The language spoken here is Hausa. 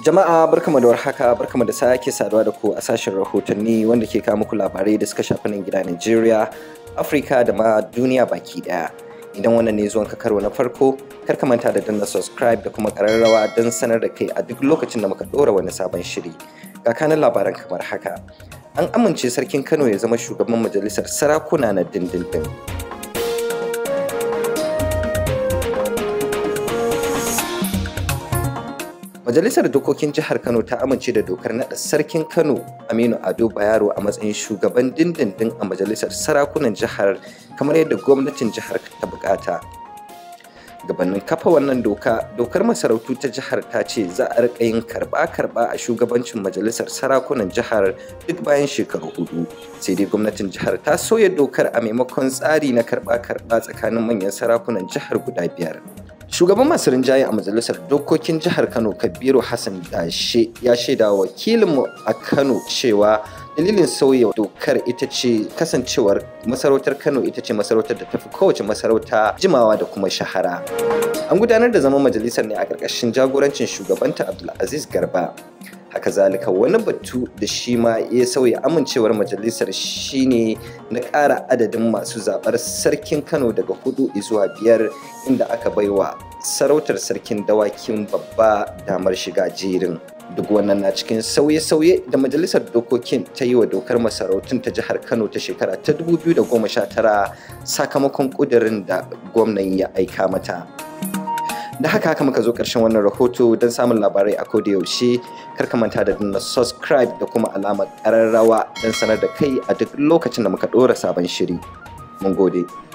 Jama'a barkamu da warhaka barkamu da sake saduwa da ku a sashen rahotanni wanda ke kawo muku labarai da suka shafi nan gida Najeriya, Afirka da ma duniya baki daya. Idan wannan ne zuwan karo na farko, kar ka manta da danna subscribe da kuma kararrawa don sanar da kai a duk lokacin da muka dora wani sabon shiri. Ga kanan labaran kamar haka. An amince sarkin Kano ya zama shugaban majalisar sarakuna na dindindin. Majalisar Dokokin Jihar Kano ta amince da dokar naɗa Sarkin Kano Aminu Ado bayaro a matsayin shugaban dindindin a Majalisar Sarakunan Jihar kamar yadda gwamnatin jihar ta bukata. Gabanin kafa wannan doka, dokar masarautu ta jihar ta ce za a riƙa yin karɓa-karɓa a shugabancin Majalisar Sarakunan Jihar duk bayan shekaru hudu. Sai dai gwamnatin jihar ta soya dokar a maimakon tsari na karɓa-karɓa tsakanin manyan sarakunan jihar guda biyar. shugaban masu rinjaye a majalisar dokokin jihar kano kabiru hassan dashe ya shaida wakilinmu a kano cewa dalilin sauya dokar ita ce kasancewar masarautar kano ita ce masarautar da tafi kowace masarauta jimawa da kuma shahara an gudanar da zaman majalisar ne a ƙarƙashin jagorancin shugabanta abdulaziz garba haka zalika wani batu da shi ma ya sauya amincewar majalisar shine na ƙara adadin masu zaɓar sarkin kano daga hudu zuwa biyar inda aka baiwa sarautar sarkin dawakin babba damar shiga jerin duk wannan na cikin sauye-sauye da majalisar dokokin ta yi wa dokar masarautun ta jihar kano ta shekara ta 2019 sakamakon ƙudurin da gwamnan ya aika mata da haka haka muka zo ƙarshen wannan rahoto don samun labarai a koda yaushe kar ka manta da dinna subscribe da kuma alamar ƙararrawa don sanar da kai a duk lokacin da muka ɗora sabon shiri mun gode